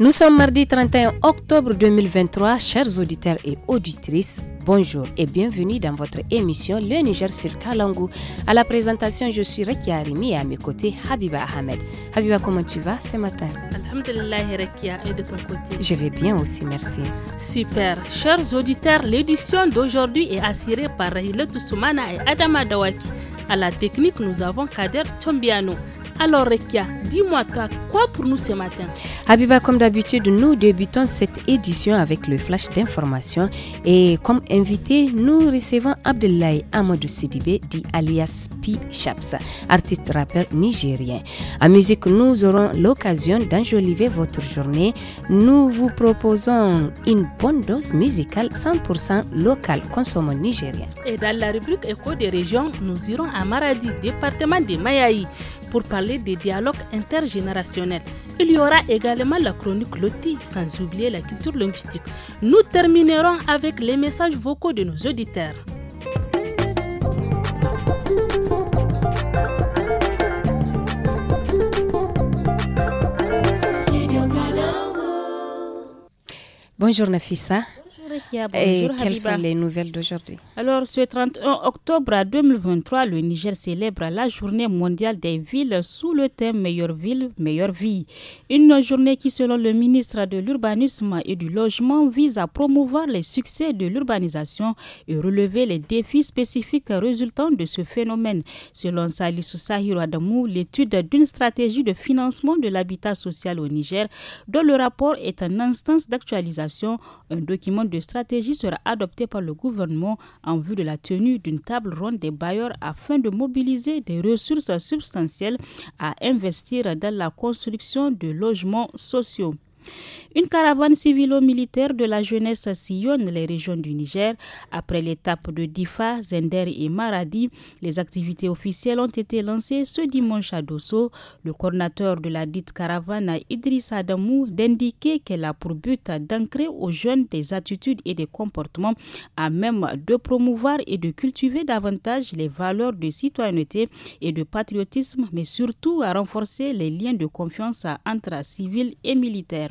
Nous sommes mardi 31 octobre 2023, chers auditeurs et auditrices. Bonjour et bienvenue dans votre émission Le Niger sur Kalangou. À la présentation, je suis Rekia Arimi et à mes côtés, Habiba Ahmed. Habiba, comment tu vas ce matin Alhamdulillah, Rekia, et de ton côté Je vais bien aussi, merci. Super. Chers auditeurs, l'édition d'aujourd'hui est assurée par Rahila Toussoumana et Adama Dawaki. À la technique, nous avons Kader Tombiano. Alors Rekia, dis-moi quoi pour nous ce matin Habiba, comme d'habitude, nous débutons cette édition avec le flash d'information et comme invité, nous recevons Abdoulaye Amadou Sidibé, dit alias P. Chapsa, artiste rappeur nigérien. En musique, nous aurons l'occasion d'enjoliver votre journée. Nous vous proposons une bonne dose musicale 100% locale, consommant nigérien. Et dans la rubrique Écho des régions, nous irons à Maradi, département de Mayaï pour parler des dialogues intergénérationnels. Il y aura également la chronique Loti, sans oublier la culture linguistique. Nous terminerons avec les messages vocaux de nos auditeurs. Bonjour Nafissa. Et quelles sont les nouvelles d'aujourd'hui Alors, ce 31 octobre 2023, le Niger célèbre la journée mondiale des villes sous le thème Meilleure ville, meilleure vie. Une journée qui, selon le ministre de l'Urbanisme et du Logement, vise à promouvoir les succès de l'urbanisation et relever les défis spécifiques résultant de ce phénomène. Selon Salissou Sahiro Adamou, l'étude d'une stratégie de financement de l'habitat social au Niger, dont le rapport est un instance d'actualisation, un document de stratégie sera adoptée par le gouvernement en vue de la tenue d'une table ronde des bailleurs afin de mobiliser des ressources substantielles à investir dans la construction de logements sociaux. Une caravane civilo-militaire de la jeunesse sillonne les régions du Niger. Après l'étape de Difa, Zender et Maradi, les activités officielles ont été lancées ce dimanche à Dosso. Le coordinateur de la dite caravane, Idriss Adamou, d'indiquer qu'elle a pour but d'ancrer aux jeunes des attitudes et des comportements à même de promouvoir et de cultiver davantage les valeurs de citoyenneté et de patriotisme, mais surtout à renforcer les liens de confiance entre civils et militaires.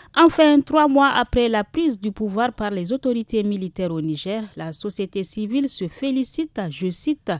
Enfin, trois mois après la prise du pouvoir par les autorités militaires au Niger, la société civile se félicite, je cite,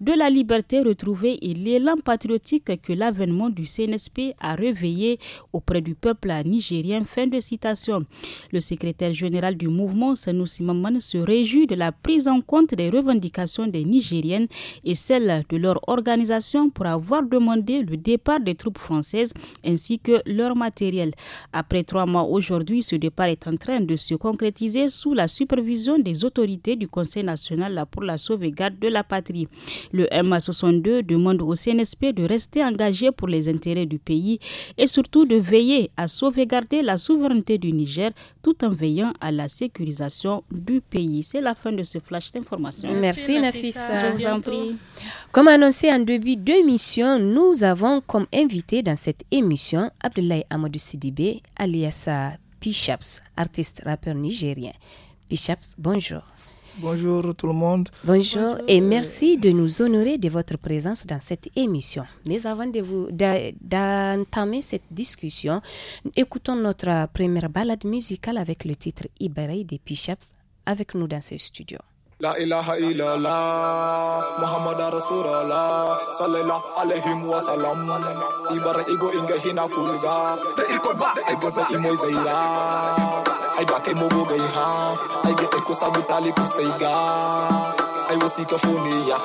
de la liberté retrouvée et l'élan patriotique que l'avènement du CNSP a réveillé auprès du peuple nigérien. Fin de citation. Le secrétaire général du mouvement, Sanoussi Maman, se réjouit de la prise en compte des revendications des Nigériennes et celles de leur organisation pour avoir demandé le départ des troupes françaises ainsi que leur matériel. Après trois mois aujourd'hui, ce départ est en train de se concrétiser sous la supervision des autorités du Conseil national pour la sauvegarde de la patrie. Le MA62 demande au CNSP de rester engagé pour les intérêts du pays et surtout de veiller à sauvegarder la souveraineté du Niger tout en veillant à la sécurisation du pays. C'est la fin de ce flash d'information. Merci, Merci Nafissa. Je vous en prie. Comme annoncé en début mission, nous avons comme invité dans cette émission Abdoulaye Amadou Sidibé, alias à Pichaps, artiste rappeur nigérien. Pichaps, bonjour. Bonjour tout le monde. Bonjour, et merci de nous honorer de votre présence dans cette émission. Mais avant de vous d'entamer cette discussion, écoutons notre première balade musicale avec le titre Iberei de Pichaps avec nous dans ce studio. La ilaha illallah Muhammad Rasulullah Sallallahu alayhi wa sallam Ibara ego inga hina kulga Da irko ba Ego za imo zaira Ay ba ke mobo gay ha Ay ge eko sabu tali fusaiga ga aywasikafoniya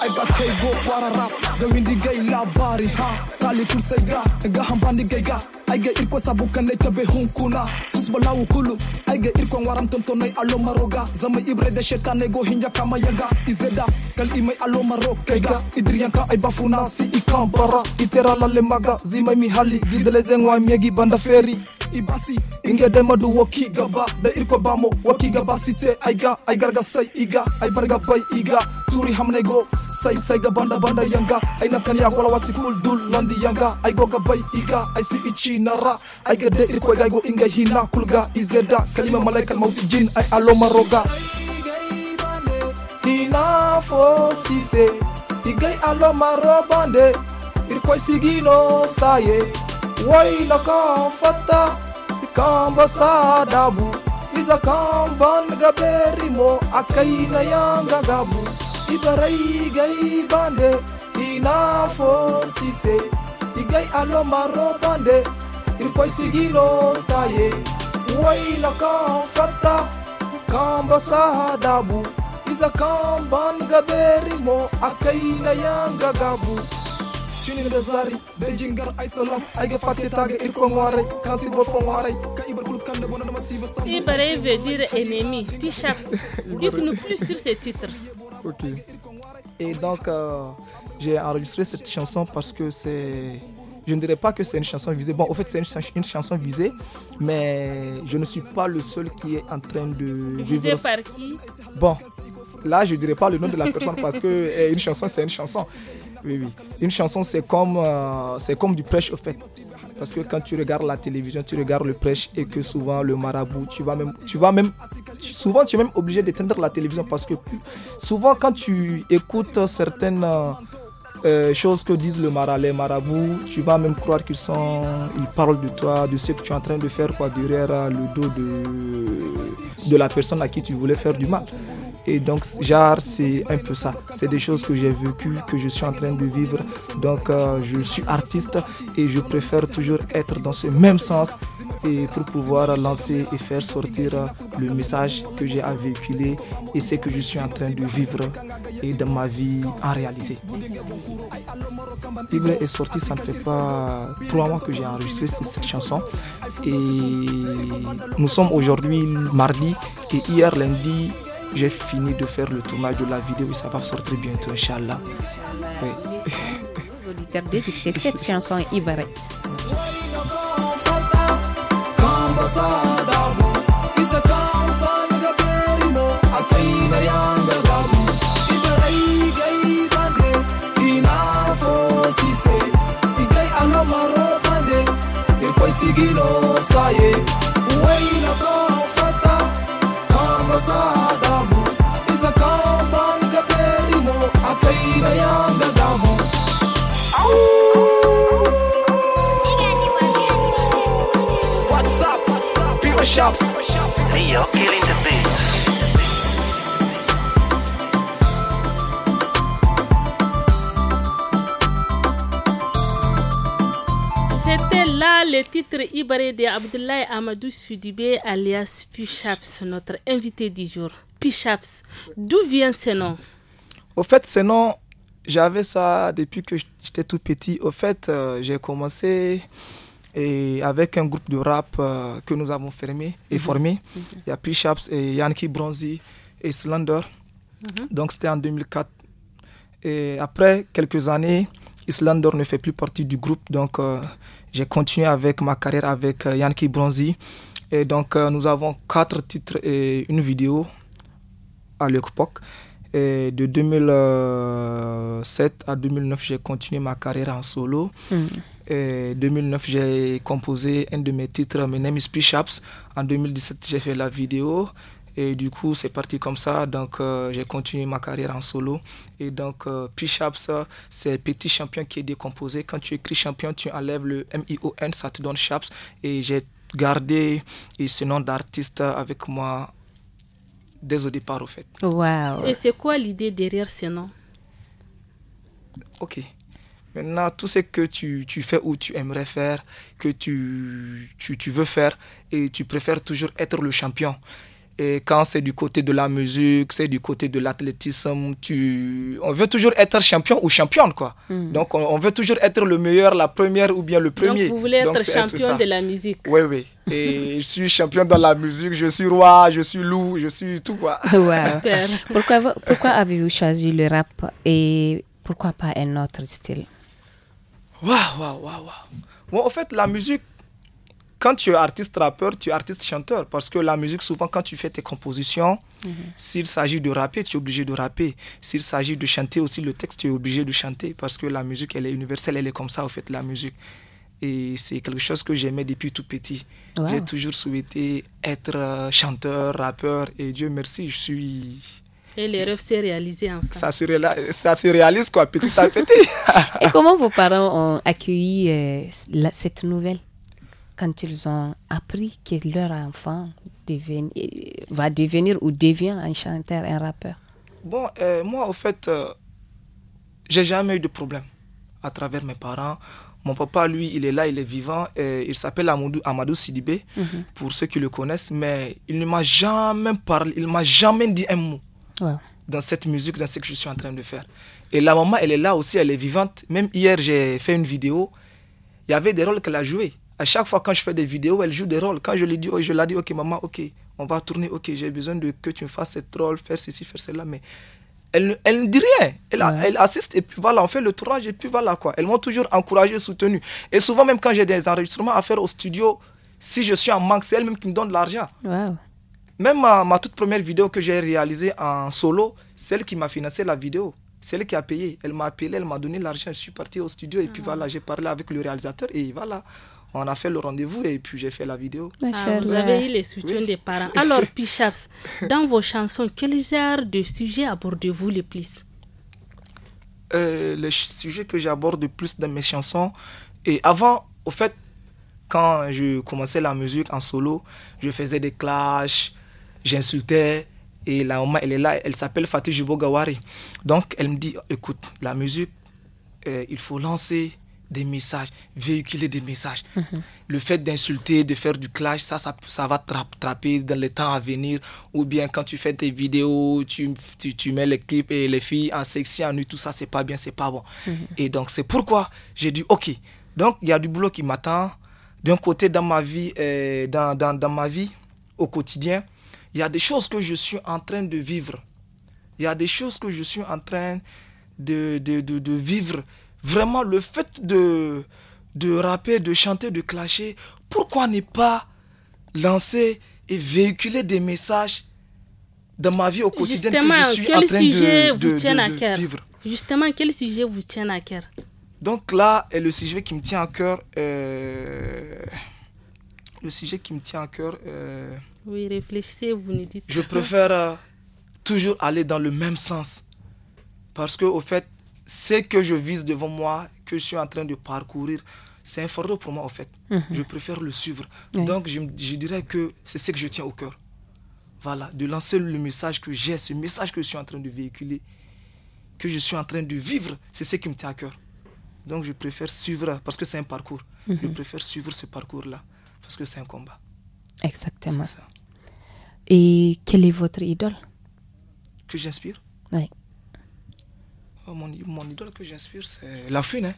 aybadkaygo wararab gawindigay laabariha taalikursaga gahan bandhigayga ayga irkwa sabukanay tabehunkunaa susbalawu kulu ayga irkwan waramtontonay alomaroga zamay ibrede shetanaygo ga. izeda kal imay alomarokayga idriyanka aybafunaasi ikambara hali zimay zengwa gidalezengway miyegi bandaferi ibasi ingedemaduwo ba. De irkwa bamo wakigabasite ayga aygargasay iga ai barga pai iga turi hamne go sai sai ga banda banda yanga ai na kanya wala wati kul dul landi yanga ai go ga bai iga ai si ichi nara ai ga de ir ga go inga hina kulga izeda kalima malaika mauti jin ai alo maroga hina fo si se igai alo maro bande ir koi sigino saye wai na ka fatta ikamba sadabu izakambanaga berimo akayinayangagabu ibaraigay bande inafosise igay alomaro bande irkoysigilo saye wainakafata kambasahadabu izakambanaga berimo akayinayangagabu cinin da zari jingar salam face kan si ka ibar sam veut dire ennemi pichaps dites-nous plus sur ce titre OK et donc euh, j'ai enregistré cette chanson parce que c'est je ne dirais pas que c'est une chanson visée. Bon, au fait, c'est une, ch une, chanson visée, mais je ne suis pas le seul qui est en train de. Visée par qui Bon, là, je ne dirais pas le nom de la personne parce que eh, une chanson, c'est une chanson oui, oui. Une chanson, c'est comme, euh, c'est comme du prêche, au fait. Parce que quand tu regardes la télévision, tu regardes le prêche et que souvent le marabout, tu vas même, tu vas même, souvent tu es même obligé d'éteindre la télévision parce que souvent quand tu écoutes certaines euh, euh, choses que disent le les marabouts, tu vas même croire qu'ils sont, ils parlent de toi, de ce que tu es en train de faire quoi derrière le dos de, de la personne à qui tu voulais faire du mal. Et donc, genre, c'est un peu ça. C'est des choses que j'ai vécues, que je suis en train de vivre. Donc, euh, je suis artiste et je préfère toujours être dans ce même sens et pour pouvoir lancer et faire sortir euh, le message que j'ai à et ce que je suis en train de vivre et de ma vie en réalité. Libre est sorti, ça ne fait pas trois mois que j'ai enregistré cette chanson. Et nous sommes aujourd'hui mardi et hier lundi, j'ai fini de faire le tournage de la vidéo et ça va sortir bientôt, Inch'Allah. Oui. auditeurs de cette chanson Ibaré. Ibaré de Abdoulaye Amadou Sudibé alias Pichaps, notre invité du jour. Pichaps, d'où vient ce nom Au fait, ce nom, j'avais ça depuis que j'étais tout petit. Au fait, euh, j'ai commencé et avec un groupe de rap euh, que nous avons fermé et mhm. formé. Mhm. Il y a Pichaps et Yankee Bronzy et Slender. Mhm. Donc c'était en 2004. Et après quelques années, Slender ne fait plus partie du groupe. Donc. Euh, j'ai continué avec ma carrière avec euh, Yankee Bronzy Et donc, euh, nous avons quatre titres et une vidéo à l'époque. Et de 2007 à 2009, j'ai continué ma carrière en solo. Hmm. Et 2009, j'ai composé un de mes titres, My Name is En 2017, j'ai fait la vidéo. Et du coup, c'est parti comme ça. Donc, euh, j'ai continué ma carrière en solo. Et donc, euh, puis p c'est petit champion qui est décomposé. Quand tu écris champion, tu enlèves le M-I-O-N, ça te donne Chaps. Et j'ai gardé ce nom d'artiste avec moi dès au départ, au fait. Wow. Et c'est quoi l'idée derrière ce nom Ok. Maintenant, tout ce que tu, fais ou tu aimerais faire, que tu, tu, tu, veux faire, et tu préfères toujours être le champion. Et quand c'est du côté de la musique, c'est du côté de l'athlétisme, tu... on veut toujours être champion ou championne. Quoi. Hmm. Donc on, veut toujours être le meilleur, la première ou bien le premier. Donc vous voulez être champion de la musique. Oui, oui. Et je suis champion dans la musique, je suis roi, je suis loup, je suis tout. Quoi. pourquoi pourquoi avez-vous choisi le rap et pourquoi pas un autre style Waouh, waouh, waouh. waouh. Bon, en fait, la musique, quand tu es artiste rappeur, tu es artiste chanteur. Parce que la musique, souvent, quand tu fais tes compositions, mhm. s'il s'agit de rapper, tu es obligé de rapper. S'il s'agit de chanter aussi le texte, tu es obligé de chanter. Parce que la musique, elle est universelle, elle est comme ça, en fait, la musique. Et c'est quelque chose que j'aimais depuis tout petit. J'ai toujours souhaité être euh, chanteur, rappeur. Et Dieu merci, je suis et les rêves se réalisent enfin. Ça se, ça se réalise quoi, petit à petit. et comment vos parents ont accueilli euh, cette nouvelle quand ils ont appris que leur enfant va devenir ou devient un chanteur, un rappeur Bon, euh, moi, au fait, je euh, j'ai jamais eu de problème à travers mes parents. Mon papa, lui, il est là, il est vivant. Et euh, il s'appelle Amadou, Amadou Sidibé, mhm. pour ceux qui le connaissent, mais il ne m'a jamais parlé, il m'a jamais dit un mot dans cette musique, dans ce que je suis en train de faire. Et la maman, elle est là aussi, elle est vivante. Même hier, j'ai fait une vidéo. Il y avait des rôles qu'elle a joués à chaque fois quand je fais des vidéos, elle joue des rôles. Quand je lui dis, oh, je la dit, ok maman, ok, on va tourner, ok, j'ai besoin de que tu me fasses cette rôle, faire ceci, faire cela, mais elle, ne dit rien. Elle, assiste et puis voilà, on fait le tournage et puis voilà quoi. Elles m'ont toujours encouragé, soutenu. Et souvent même quand j'ai des enregistrements à faire au studio, si je suis en manque, c'est elle-même qui me donne l'argent. Même euh, ma, toute première vidéo que j'ai réalisée en solo, celle qui m'a financé la vidéo, celle qui a payé, elle m'a appelé, elle m'a donné l'argent, je suis parti au studio et puis ah. voilà, j'ai parlé avec le réalisateur et voilà, on a fait le rendez-vous et puis j'ai fait la vidéo. Ah, vous avez eu le soutien des parents. Alors, Pichaps, dans vos chansons, quels genre de sujets abordez-vous le plus euh, Le sujet que j'aborde le plus dans mes chansons, et avant, au fait, quand je commençais la musique en solo, je faisais des clashs, j'insultais. Et la maman, elle est là, elle s'appelle Fatih Jubogawari. Donc, elle me dit, écoute, la musique, euh, il faut lancer, des messages, véhiculer des messages. Mhm. Le fait d'insulter, de faire du clash, ça, ça, ça va t'attraper dans les temps à venir. Ou bien quand tu fais tes vidéos, tu, tu, tu mets les clips et les filles en sexy, en nu, tout ça, c'est pas bien, c'est pas bon. Mhm. Et donc, c'est pourquoi j'ai dit, OK, donc il y a du boulot qui m'attend. D'un côté, dans ma vie, euh, dans, dans, dans ma vie au quotidien, il y a des choses que je suis en train de vivre. Il y a des choses que je suis en train de, de, de, de vivre vraiment le fait de, de rapper, de chanter, de clasher, pourquoi ne pas lancer et véhiculer des messages dans ma vie au quotidien que je suis en train de, de, à vivre Justement, quel sujet vous tient à cœur Donc là, le sujet qui me tient à cœur, euh, le sujet qui me tient à cœur. Euh, oui, réfléchissez, vous nous dites. Je préfère euh, toujours aller dans le même sens parce que au fait, ce que je vise devant moi, que je suis en train de parcourir, c'est un fardeau pour moi en fait. Mhm. Je préfère le suivre. Donc je, dirais que c'est ce que je tiens au cœur. Voilà, de lancer le message que j'ai, ce message que je suis en train de véhiculer, que je suis en train de vivre, c'est ce qui me tient à cœur. Donc je préfère suivre, parce que c'est un parcours, mhm. je préfère suivre ce parcours-là, parce que c'est un combat. Exactement. Ça. Et quelle est votre idole Que j'inspire Oui. Oh, mon, idole que j'inspire, c'est la fine. Hein.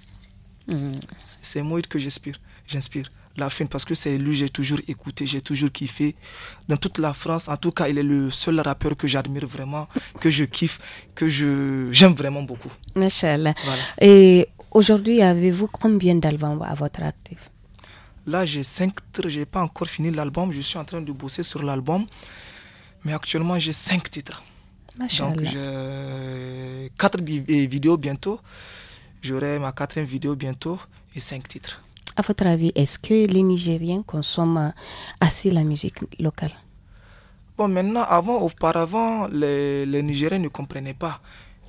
Mm. C'est Moïse que j'inspire. J'inspire la fine parce que c'est lui que j'ai toujours écouté, j'ai toujours kiffé. Dans toute la France, en tout cas, il est le seul rappeur que j'admire vraiment, que je kiffe, que j'aime vraiment beaucoup. Michel. Et aujourd'hui, avez-vous combien d'albums à votre actif Là, j'ai cinq. n'ai pas encore fini l'album. Je suis en train de bosser sur l'album, mais actuellement, j'ai cinq titres. Donc, j'ai quatre vidéos bientôt. J'aurai ma quatrième vidéo bientôt et cinq titres. À votre avis, est-ce que les Nigériens consomment assez la musique locale Bon, maintenant, avant, auparavant, les, les Nigériens ne comprenaient pas.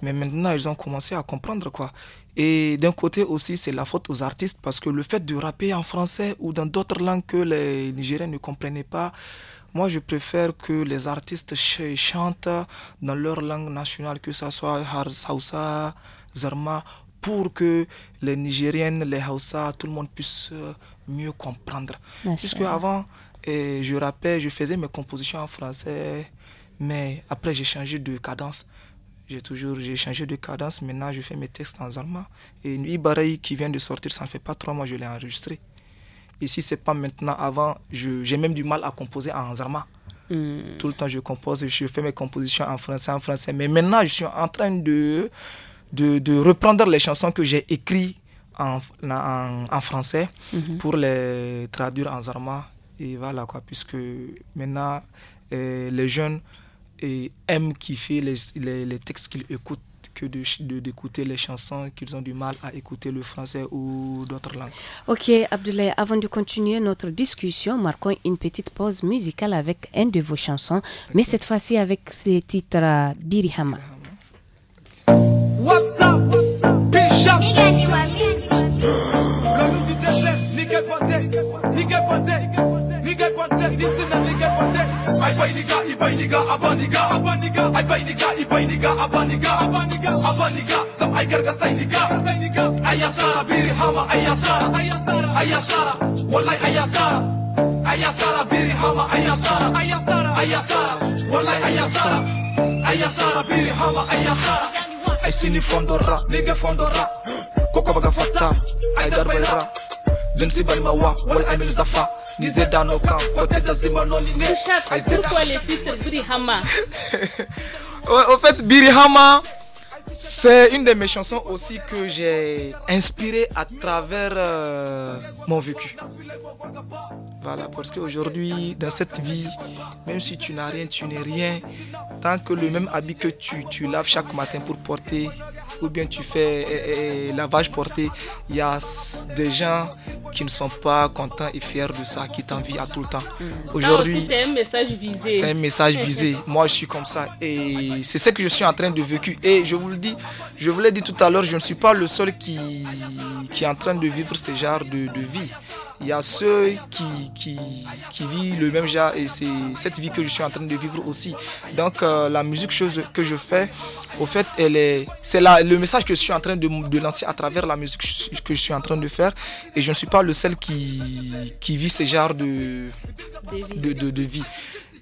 Mais maintenant, ils ont commencé à comprendre, quoi. Et d'un côté aussi, c'est la faute aux artistes parce que le fait de rapper en français ou dans d'autres langues que les Nigériens ne comprenaient pas, moi, je préfère que les artistes chantent dans leur langue nationale, que ce soit Hausa, Zarma, pour que les Nigériennes, les Hausa, tout le monde puisse euh, mieux comprendre. Parce Puisque avant, eh, je rappelle, je faisais mes compositions en français, mais après, j'ai changé de cadence j'ai toujours j'ai changé de cadence maintenant je fais mes textes en Zarma. et une Ibarai qui vient de sortir ça ne fait pas trois mois je l'ai enregistré et si n'est pas maintenant, avant, j'ai même du mal à composer en Zarma. Hmm. Tout le temps, je compose, je fais mes compositions en français, en français. Mais maintenant, je suis en train de, de, reprendre les chansons que j'ai écrites en, en, français mhm. pour les traduire en Zarma. Et voilà, quoi, puisque maintenant, euh, les jeunes aiment kiffer les, les textes qu'ils écoutent que d'écouter les chansons, qu'ils ont du mal à écouter le français ou d'autres langues. Ok, Abdoulaye, avant de continuer notre discussion, marquons une petite pause musicale avec une de vos chansons, mais cette fois-ci avec le titre Birihama. Euh, What's up? What's بينيكا يبينيكا أبانيكا أبانيكا أي بينيكا يبينيكا أبانيكا أبانيكا أبانيكا سم أي كرجا سينيكا سينيكا أي خسارة بيري هما أي خسارة أي خسارة أي خسارة والله أي خسارة أي خسارة بيري هما أي خسارة أي خسارة أي خسارة والله أي خسارة أي خسارة بيري هما أي خسارة أي سيني فندورا نيجا فندورا كوكا بقى فتا أي درب الرا جنسي بالموا والأمل زفا dans nos camps, côté de C'est En fait, Birihama, c'est une de mes chansons aussi que j'ai inspirée à travers euh, mon vécu. Voilà, parce qu'aujourd'hui, dans cette vie, même si tu n'as rien, tu n'es rien, tant que le même habit que tu, tu laves chaque matin pour porter, ou bien tu fais eh, eh, eh, lavage porté, il y a des gens qui ne sont pas contents et fiers de ça, qui t'envient à tout le temps. Mm. Aujourd'hui, c'est un message visé. C'est un message visé. Moi, je suis comme ça et c'est ce que je suis en train de vécu. Et je vous le dis, je vous l'ai dit tout à l'heure, je ne suis pas le seul qui, est en train de vivre ce genre de vie il y a ceux qui, qui, qui vivent le même genre et c'est cette vie que je suis en train de vivre aussi. Donc euh, la musique chose que je fais, au fait, elle est, c'est le message que je suis en train de, lancer à travers la musique que je suis en train de faire. Et je ne suis pas le seul qui, qui vit ce genre de, de, de, vie.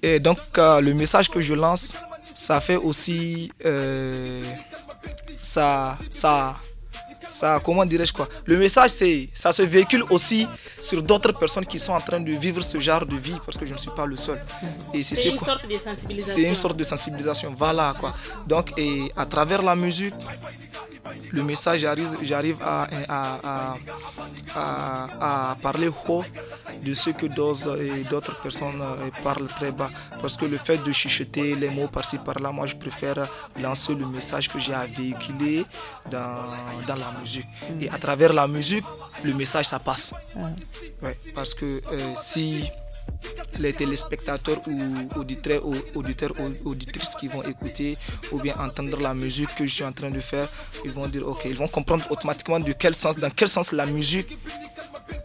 Et donc euh, le message que je lance, ça fait aussi... Euh, ça, ça, comment dirais-je quoi Le message, c'est, ça se véhicule aussi sur d'autres personnes qui sont en train de vivre ce genre de vie parce que je ne suis pas le seul. Et c'est, une quoi. sorte de sensibilisation. C'est une sorte de sensibilisation, voilà quoi. Donc, et à travers la musique, le message, j'arrive à, parler haut de ce que d'autres euh, personnes euh, parlent très bas. Parce que le fait de chuchoter les mots par-ci par-là, moi je préfère lancer le message que j'ai à véhiculer dans, la musique. Et à travers la musique, le message ça passe. parce que euh, si les téléspectateurs ou auditeurs, ou auditrices qui vont écouter ou bien entendre la musique que je suis en train de faire, ils vont dire ok, ils vont comprendre automatiquement de quel sens, dans quel sens la musique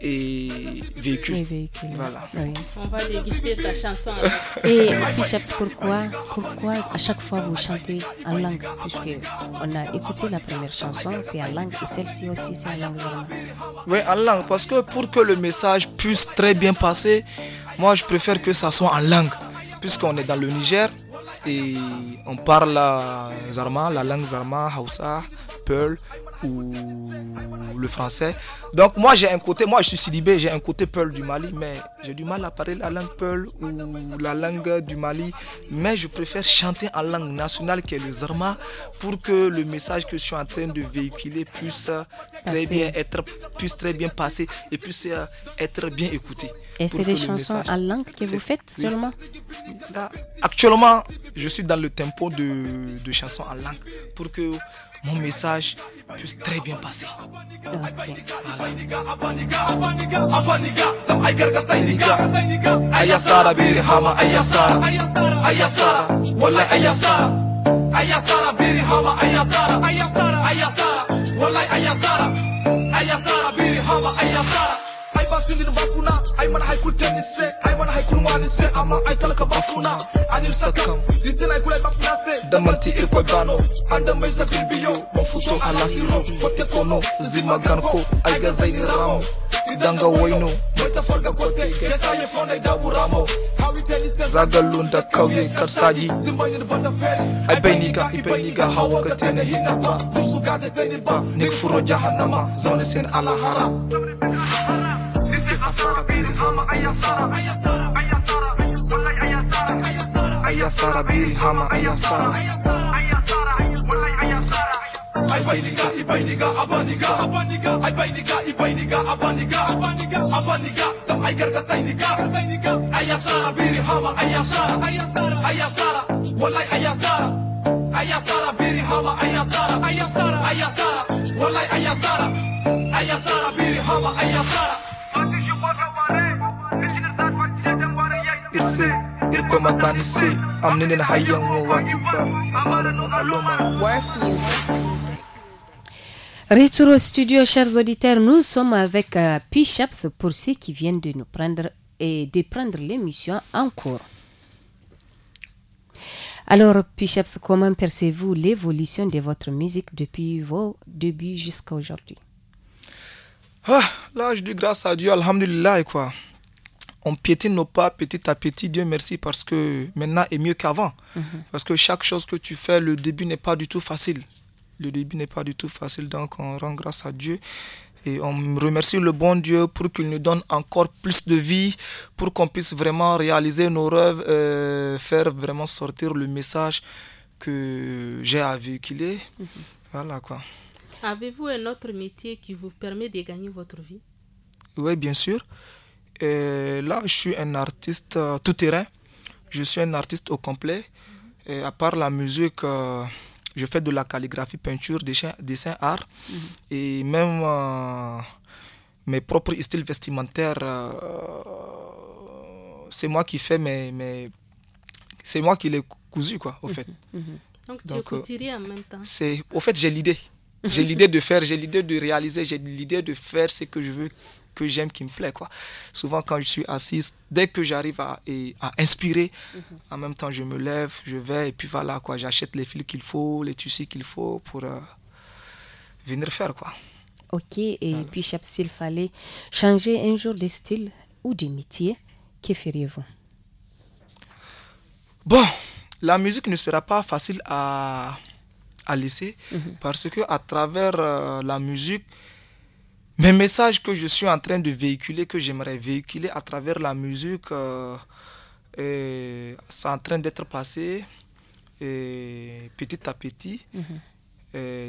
est véhicule. Voilà. On va déguster sa chanson. Hein. et Fichaps pourquoi, pourquoi à chaque fois vous chantez en langue Puisque on a écouté la première chanson, c'est en langue, et celle-ci aussi, c'est en langue. Oui, en langue, parce que pour que le message puisse très bien passer, moi, je préfère que ça soit en langue, puisqu'on est dans le Niger et on parle la Zarma, la langue Zarma, Hausa, Peul ou le français. Donc moi j'ai un côté, moi je suis Sidibé, j'ai un côté Peul du Mali, mais j'ai du mal à parler la langue Peul ou la langue du Mali. Mais je préfère chanter en langue nationale qui est le Zarma pour que le message que je suis en train de véhiculer puisse euh, bien être, puisse très bien passer et puisse euh, être bien écouté. Et c'est des chansons à langue que vous faites seulement Là, Actuellement, je suis dans le tempo de, de, chansons à langue pour que mon message puisse très bien passer. Okay. Voilà. Ayasara biri hawa ayasara ayasara ayasara wallahi ayasara ayasara biri hawa ayasara baatindin baafuna aymana haykultenise aymana haykulwaanise ama aytalaka baafuna anilsakam disin aykulay baafunase damanti irkoy baano andamayza dilbiyo mafuto alasiro batekono zimaganko aygazayni raamo idanga wayno matafarga kote kesaye fonday daaburamo zagalunda kauye karsaji aibeniga ibeniga hawakatene hinaba usugagateniba furo jahanama zaune sen alahara خسارة بيري هما أي خسارة ولا أي خسارة أي خسارة بيري هما أي خسارة ولا أي خسارة أي بينيكا أي بينيكا أبانيكا أبانيكا أي بينيكا أي بينيكا أبانيكا أبانيكا أبانيكا تم أي كركا سينيكا سينيكا أي خسارة بيري هما أي خسارة أي خسارة أي خسارة ولا أي خسارة أي خسارة بيري هما أي خسارة أي خسارة أي خسارة ولا أي خسارة أي خسارة بيري هما أي خسارة Retour au studio, chers auditeurs, nous sommes avec euh, Pichaps pour ceux qui viennent de nous prendre et de prendre l'émission en cours. Alors, Pichaps, comment percevez-vous l'évolution de votre musique depuis vos débuts jusqu'à aujourd'hui ah, Là, je dis grâce à Dieu, alhamdulillah, quoi on piétine nos pas petit à petit, Dieu merci, parce que maintenant est mieux qu'avant. Mhm. Parce que chaque chose que tu fais, le début n'est pas du tout facile. Le début n'est pas du tout facile, donc on rend grâce à Dieu. Et on remercie le bon Dieu pour qu'il nous donne encore plus de vie, pour qu'on puisse vraiment réaliser nos rêves, euh, faire vraiment sortir le message que j'ai à véhiculer. Mhm. Voilà quoi. Avez-vous un autre métier qui vous permet de gagner votre vie Oui, bien sûr. Et là, je suis un artiste euh, tout terrain. Je suis un artiste au complet. Mhm. Et à part la musique, euh, je fais de la calligraphie, peinture, dessin, art. Mhm. Et même euh, mes propres styles vestimentaires, c'est moi qui fais mes. c'est moi qui les cousu, quoi, au fait. Mhm. Donc, tu Donc, en même temps. C'est, au fait, j'ai l'idée. J'ai l'idée de faire, j'ai l'idée de réaliser, j'ai l'idée de faire ce que je veux que j'aime, qui me plaît. Quoi. Souvent, quand je suis assise, dès que j'arrive à, à, inspirer, mhm. en même temps, je me lève, je vais, et puis voilà, quoi. J'achète les fils qu'il faut, les tissus qu'il faut pour euh, venir faire, quoi. Ok, et puis, Chef, s'il fallait changer un jour de style ou de métier, que feriez-vous Bon, la musique ne sera pas facile à, à laisser, mhm. parce que à travers euh, la musique, mes messages que je suis en train de véhiculer, que j'aimerais véhiculer à travers la musique, euh, c'est en train d'être passé et petit à petit, mhm.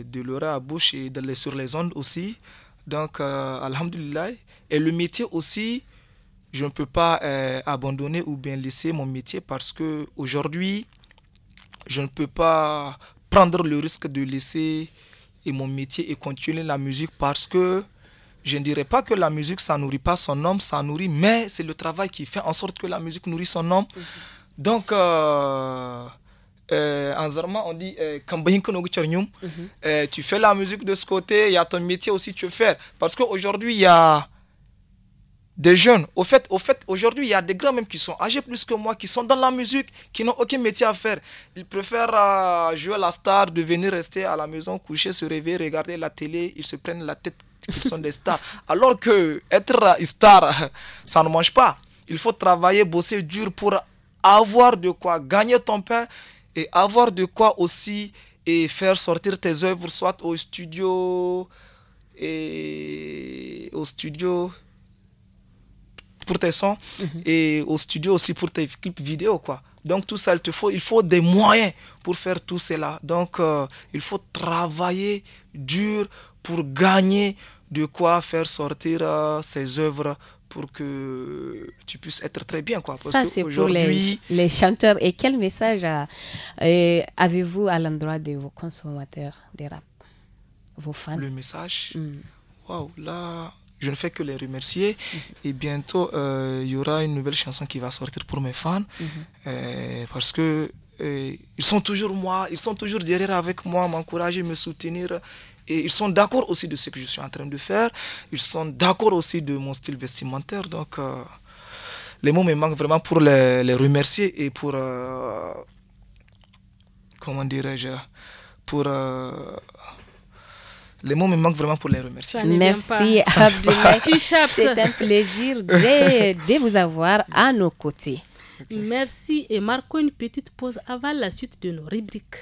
de l'oreille à bouche et sur les ondes aussi. Donc, euh, alhamdulillah. Et le métier aussi, je ne peux pas euh, abandonner ou bien laisser mon métier parce que aujourd'hui, je ne peux pas prendre le risque de laisser et mon métier et continuer la musique parce que je ne dirais pas que la musique, ça nourrit pas son homme, ça nourrit, mais c'est le travail qui fait en sorte que la musique nourrit son homme. Mhm. Donc, euh, euh, en Zarma, on dit euh, mhm. Tu fais la musique de ce côté, il y a ton métier aussi, tu veux faire. Parce qu'aujourd'hui, il y a des jeunes. Au fait, au fait aujourd'hui, il y a des grands même qui sont âgés plus que moi, qui sont dans la musique, qui n'ont aucun métier à faire. Ils préfèrent jouer à la star, devenir rester à la maison, coucher, se réveiller, regarder la télé. Ils se prennent la tête ils sont des stars. Alors que être star, ça ne mange pas. Il faut travailler, bosser dur pour avoir de quoi gagner ton pain et avoir de quoi aussi et faire sortir tes œuvres soit au studio et au studio pour tes sons mhm. et au studio aussi pour tes clips vidéo quoi. Donc tout ça, il te faut, il faut des moyens pour faire tout cela. Donc euh, il faut travailler dur pour gagner de quoi faire sortir ses euh, œuvres pour que tu puisses être très bien. Quoi. Parce Ça, c'est pour les, chanteurs. Et quel message avez-vous à l'endroit de vos consommateurs de rap, vos fans Le message mm. Waouh, là, je ne fais que les remercier. Mm-hmm. Et bientôt, euh, il y aura une nouvelle chanson qui va sortir pour mes fans. Mm-hmm. Euh, parce que ils sont toujours moi, ils sont toujours derrière avec moi, m'encourager, me soutenir. Et ils sont d'accord aussi de ce que je suis en train de faire. Ils sont d'accord aussi de mon style vestimentaire. Donc, euh, euh, euh, les mots me manquent vraiment pour les, remercier et pour. comment dirais-je Pour. les mots me manquent vraiment pour les remercier. Merci Abdoulaye. C'est un plaisir de, vous avoir à nos côtés. Merci et marquons une petite pause avant la suite de nos rubriques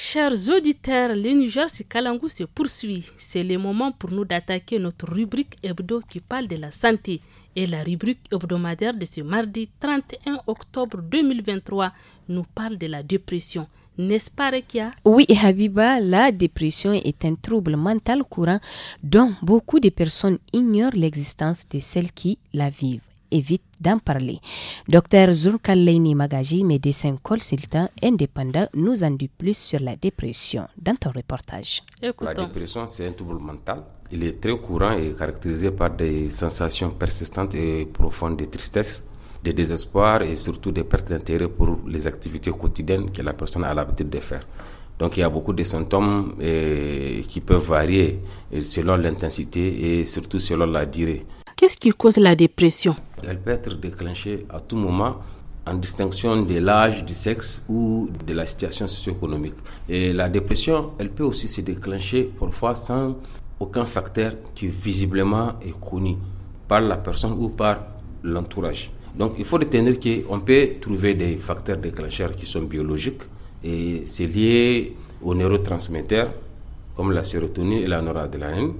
Chers auditeurs, le Niger Kalangou se poursuit. C'est le moment pour nous d'attaquer notre rubrique hebdo qui parle de la santé. Et la rubrique hebdomadaire de ce mardi 31 octobre 2023 nous parle de la dépression. N'est-ce pas, Rekia Oui, Habiba, la dépression est un trouble mental courant dont beaucoup de personnes ignorent l'existence de celles qui la vivent évite d'en parler. Docteur Leini Magaji, médecin consultant indépendant, nous en dit plus sur la dépression dans ton reportage. La dépression, c'est un trouble mental. Il est très courant et caractérisé par des sensations persistantes et profondes de tristesse, de désespoir et surtout des pertes d'intérêt pour les activités quotidiennes que la personne a l'habitude de faire. Donc il y a beaucoup de symptômes euh, qui peuvent varier euh, selon l'intensité et surtout selon la durée. Qu'est-ce qui cause la dépression Elle peut être déclenchée à tout moment en distinction de l'âge, du sexe ou de la situation socio-économique. Et la dépression, elle peut aussi se déclencher parfois sans aucun facteur qui visiblement est connu par la personne ou par l'entourage. Donc il faut retenir qu'on peut trouver des facteurs déclencheurs qui sont biologiques et c'est lié aux neurotransmetteurs comme la sérotonine et la noradrénaline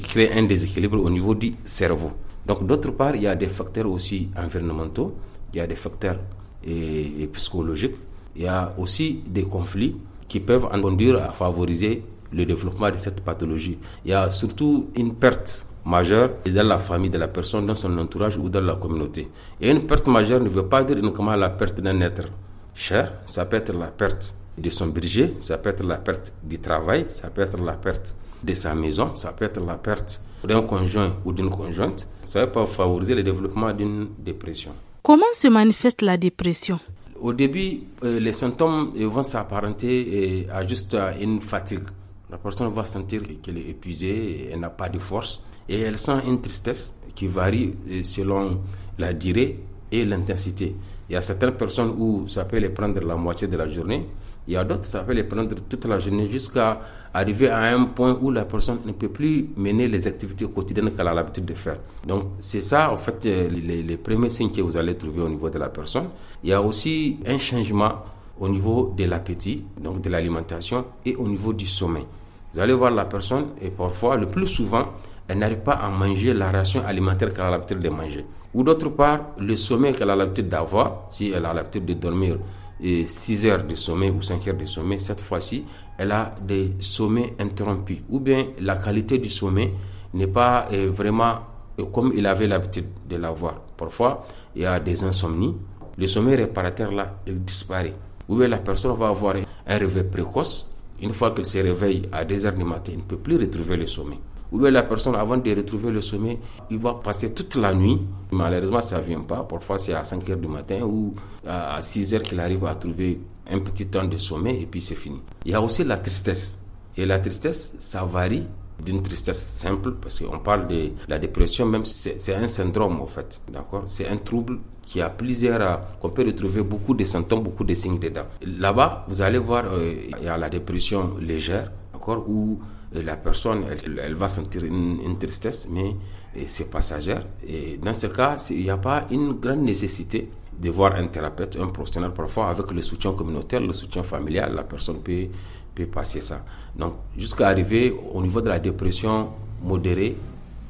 qui un déséquilibre au niveau du cerveau. Donc d'autre part, il y a des facteurs aussi environnementaux, il y a des facteurs eh, et, psychologiques, il y a aussi des conflits qui peuvent en conduire à favoriser le développement de cette pathologie. Il y a surtout une perte majeure dans la famille de la personne, dans son entourage ou dans la communauté. Et une perte majeure ne veut pas dire uniquement la perte d'un être cher, ça peut être la perte de son budget, ça peut être la perte du travail, ça peut être la perte de sa maison, ça peut être la perte d'un conjoint ou d'une conjointe, ça peut favoriser le développement d'une dépression. Comment se manifeste la dépression Au début, euh, les symptômes vont s'apparenter euh, à juste une fatigue. La personne va sentir qu'elle est épuisée, elle n'a pas de force et elle sent une tristesse qui varie euh, selon la durée et l'intensité. Il y a certaines personnes où ça peut les prendre la moitié de la journée, il y a d'autres, ça peut les prendre toute la journée jusqu'à arriver à un point où la personne ne peut plus mener les activités quotidiennes qu'elle a l'habitude de faire. Donc c'est ça, en fait, euh, les, les premiers signes que vous allez trouver au niveau de la personne. Il y a aussi un changement au niveau de l'appétit, donc de l'alimentation, et au niveau du sommeil. Vous allez voir la personne, et parfois, le plus souvent, elle n'arrive pas à manger la ration alimentaire qu'elle a l'habitude de manger. Ou d'autre part, le sommeil qu'elle a l'habitude d'avoir, si elle a l'habitude de dormir 6 heures de sommeil ou 5 heures de sommeil, cette fois-ci, elle a des sommets interrompus. Ou bien la qualité du sommeil n'est pas euh, vraiment euh, comme il avait l'habitude de l'avoir. Parfois, il y a des insomnies. Le sommeil réparateur, là, il disparaît. Ou bien la personne va avoir un réveil précoce. Une fois qu'elle se réveille à des heures du matin, elle ne peut plus retrouver le sommeil. Où la personne, avant de retrouver le sommeil, il va passer toute la nuit. Malheureusement, ça ne vient pas. Parfois, c'est à 5 heures du matin ou à 6 heures qu'il arrive à trouver un petit temps de sommeil et puis c'est fini. Il y a aussi la tristesse. Et la tristesse, ça varie d'une tristesse simple, parce qu'on parle de la dépression, même c'est un syndrome en fait, d'accord C'est un trouble qui a plusieurs, euh, qu'on peut retrouver beaucoup de symptômes, beaucoup de signes dedans. Là-bas, vous allez voir, euh, il y a la dépression légère, d'accord Ou euh, la personne, elle, va sentir une, tristesse, mais euh, c'est passagère. Et dans ce cas, il n'y a pas une grande nécessité de voir un thérapeute, un professionnel parfois avec le soutien communautaire, le soutien familial, la personne peut, peut passer ça. Donc jusqu'à arriver au niveau de la dépression modérée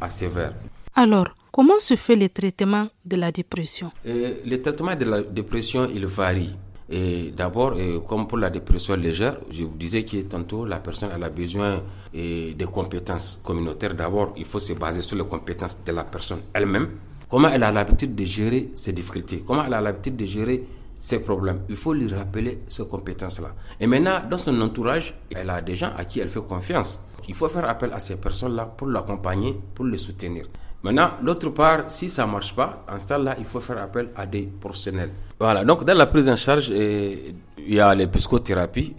à sévère. Alors, comment se fait le traitement de la dépression euh, Le traitement de la dépression, il varie. Et d'abord, comme pour la dépression légère, je vous disais que tantôt la personne a besoin des compétences communautaires. D'abord, il faut se baser sur les compétences de la personne elle-même. Comment elle a l'habitude de gérer ses difficultés Comment elle a l'habitude de gérer ses problèmes Il faut lui rappeler ces compétences-là. Et maintenant, dans son entourage, elle a des gens à qui elle fait confiance. Il faut faire appel à ces personnes-là pour l'accompagner, pour le soutenir. Maintenant, l'autre part, si ça ne marche pas, en ce là il faut faire appel à des professionnels. Voilà, donc dans la prise en charge, il y a les psychothérapies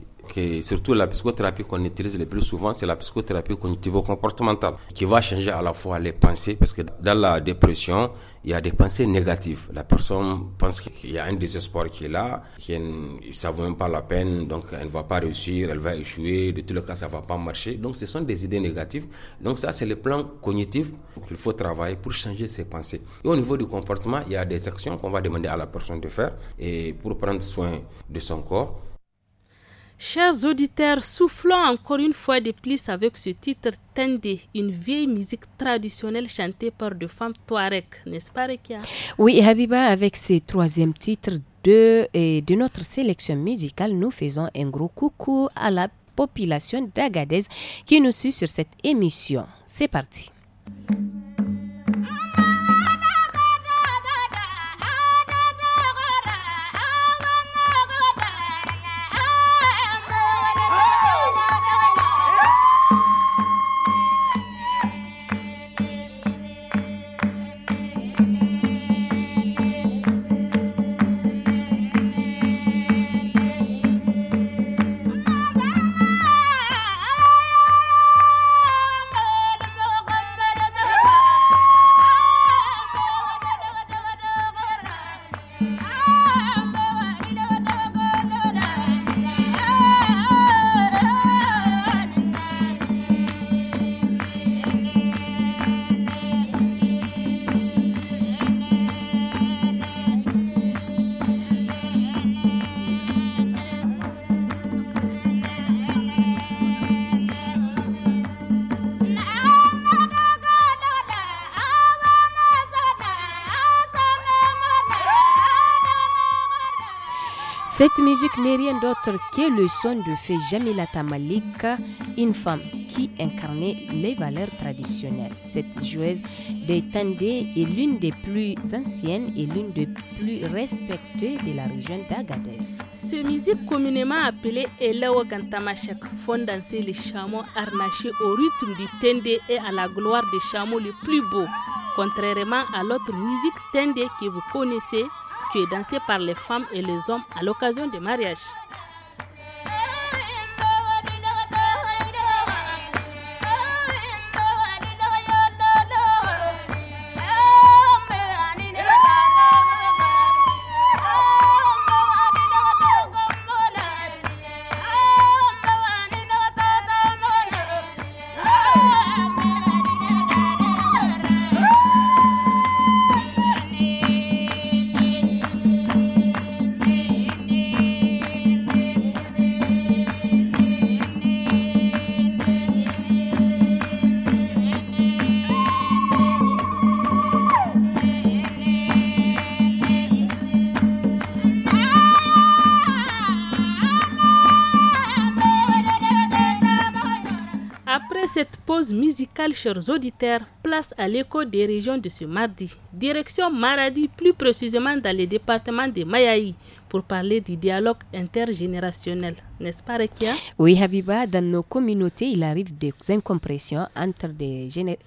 surtout la psychothérapie qu'on utilise le plus souvent, c'est la psychothérapie cognitivo-comportementale qui va changer à la fois les pensées parce que dans la dépression, il y a des pensées négatives. La personne pense qu'il y a un désespoir qui est là, qu'elle ne ça vaut même pas la peine, donc elle ne va pas réussir, elle va échouer, de tous les cas ça ne va pas marcher. Donc ce sont des idées négatives. Donc ça c'est le plan cognitif qu'il faut travailler pour changer ses pensées. Et au niveau du comportement, il y a des actions qu'on va demander à la personne de faire et pour prendre soin de son corps Chers auditeurs, soufflons encore une fois de plus avec ce titre Tende, une vieille musique traditionnelle chantée par deux femmes Touareg, n'est-ce pas Rekia Oui, Habiba, avec ce troisième titre de, de notre sélection musicale, nous faisons un gros coucou à la population d'Agadez qui nous suit sur cette émission. C'est parti. musique n'est rien d'autre que le son de Féjamila Tamalika, une femme qui incarnait les valeurs traditionnelles. Cette joueuse des Tendé est l'une des plus anciennes et l'une des plus respectées de la région d'Agadez. Ce musique communément appelée Elewa Gantamashek font danser les chameaux harnachés au rythme du Tendé et à la gloire des chameaux les plus beaux, contrairement à l'autre musique Tendé que vous connaissez par les femmes et les hommes à l'occasion des mariages. Musical chers auditeurs. Place à l'écho des régions de ce mardi. Direction Maradi, plus précisément dans le département de Mayaï, pour parler du dialogue intergénérationnel. N'est-ce pas, Rekia Oui, Habiba, dans nos communautés, il arrive des incompréhensions entre,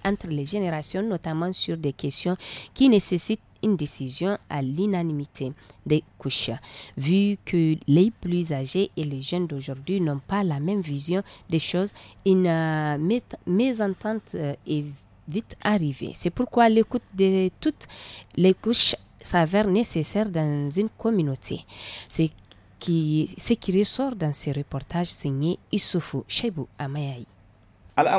entre les générations, notamment sur des questions qui nécessitent une décision à l'unanimité des couches. Vu que les plus âgés et les jeunes d'aujourd'hui n'ont pas la même vision des choses, une euh, mésentente euh, est vite arrivée. C'est pourquoi l'écoute de toutes les couches s'avère nécessaire dans une communauté. C'est qui, ce qui ressort dans ce reportage signé Issoufou Cheibou Amayai da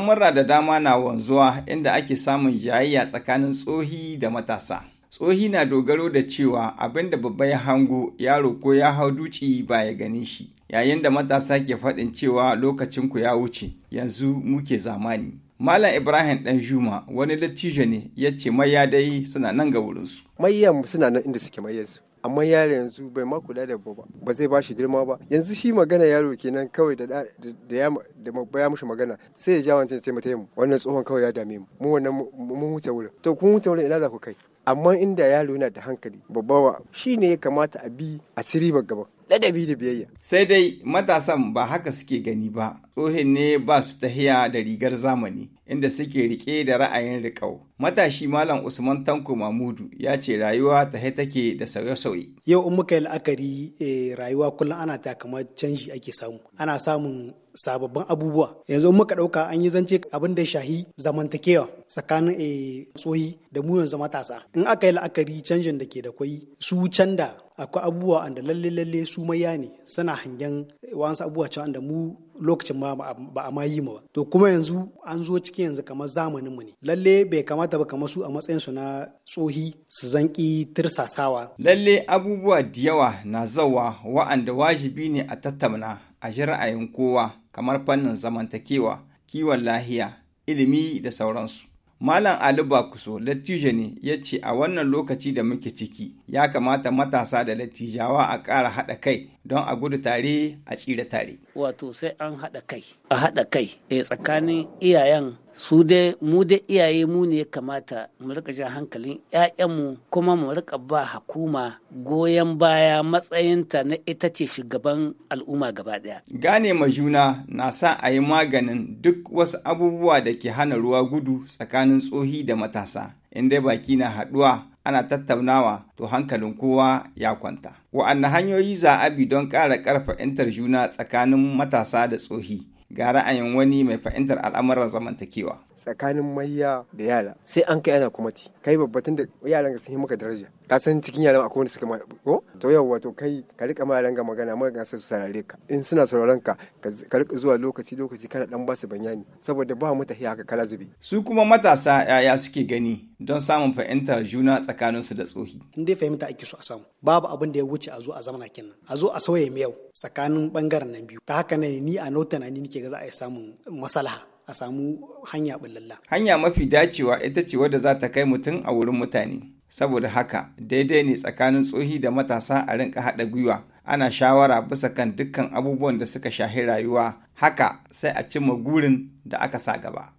tsohi na dogaro da cewa abin da babba ya hango yaro ko ya hau duci ba ya gani shi yayin da matasa ke faɗin cewa lokacin ku ya wuce yanzu muke zamani Malam Ibrahim Dan Juma wani dattijo ne ya ce maiya dai suna nan ga wurinsu. Mayyan suna nan inda suke mayyansu. amma yaro yanzu bai ma kula da ba ba zai bashi girma ba yanzu shi magana yaro kenan kawai da da ya da baya mushi magana sai ya ja wancan sai mu wannan tsohon kawai ya dame mu mu wannan mun huta wurin to kun huta wurin ina za ku kai amma inda yaro yana da hankali babbawa shi ne ya kamata a bi a ba gaba ladabi da biyayya. Sai dai matasan ba haka suke gani ba, tsohin ne ba su tahiya da rigar zamani inda suke rike da ra'ayin riƙau. Matashi Malam Usman Tanko Mamudu ya ce rayuwa tahe take da sauye-sauye. Yau in muka yi la'akari eh, rayuwa kullum ana ta kamar canji ake samu. Ana samun sababbin abubuwa yanzu in muka ɗauka an yi zance abin da shahi zamantakewa tsakanin eh, tsohi da mu yanzu matasa in aka yi la'akari canjin da ke da kwai su canda akwai abubuwa wanda lalle lalle su maya ne suna hangen wasu abubuwa cewa da mu lokacin ma ba a ma yi ma ba to kuma yanzu an zo cikin yanzu kamar zamanin mu ne lalle bai kamata ba kamar su a matsayin su na tsohi su zanki tirsasawa lalle abubuwa da yawa na zawa wa'anda wajibi ne a tattauna a ji ra'ayin kowa kamar fannin zamantakewa kiwon lahiya ilimi da sauransu Malam Ali Bakuso lattijo ne ya ce a wannan lokaci da muke ciki ya kamata matasa da lattijawa a ƙara haɗa kai don a gudu tare a tsira tare. Wato sai an haɗa kai, a haɗa kai eh, tsakanin iyayen su dai mu dai iyaye mu ne kamata mu rika jan hankalin 'ya'yanmu kuma mu rika ba hukuma goyon baya matsayinta na ita ce shugaban al'umma gaba daya gane ma juna na sa a yi maganin duk wasu abubuwa da ke hana ruwa gudu tsakanin tsohi da matasa in dai baki na haɗuwa ana tattaunawa to hankalin kowa ya kwanta. Wa'anne hanyoyi za a bi don ƙara ƙarfa intar juna tsakanin matasa da tsohi? ga ra'ayin wani mai fahimtar al'amuran zamantakewa. tsakanin mayya da yara sai an kai ana kuma ti kai babbatan da yaran ga sun yi maka daraja ka san cikin yaran akwai wani suka ma ko to yau wato kai ka rika ma yaran ga magana maka ga su sarare ka in suna sauraron ka ka rika zuwa lokaci lokaci kana dan ba su bayani saboda ba mu tafiya haka kala zubi su kuma matasa yaya suke gani don samun fahimtar juna tsakanin su da tsohi in dai fahimta ake so a samu babu abin da ya wuce a zo a zamana kenan a zo a sauya yau tsakanin bangaren nan biyu ta haka ne ni a nauta na ni nake ga za a yi samun masalaha a samu hanya bullalla. Hanya mafi dacewa ita ce wadda za ta kai mutum a wurin mutane. Saboda haka daidai ne tsakanin tsohi da matasa a rinka haɗa gwiwa ana shawara bisa kan dukkan abubuwan da suka shahi rayuwa haka sai a cimma gurin da aka sa gaba.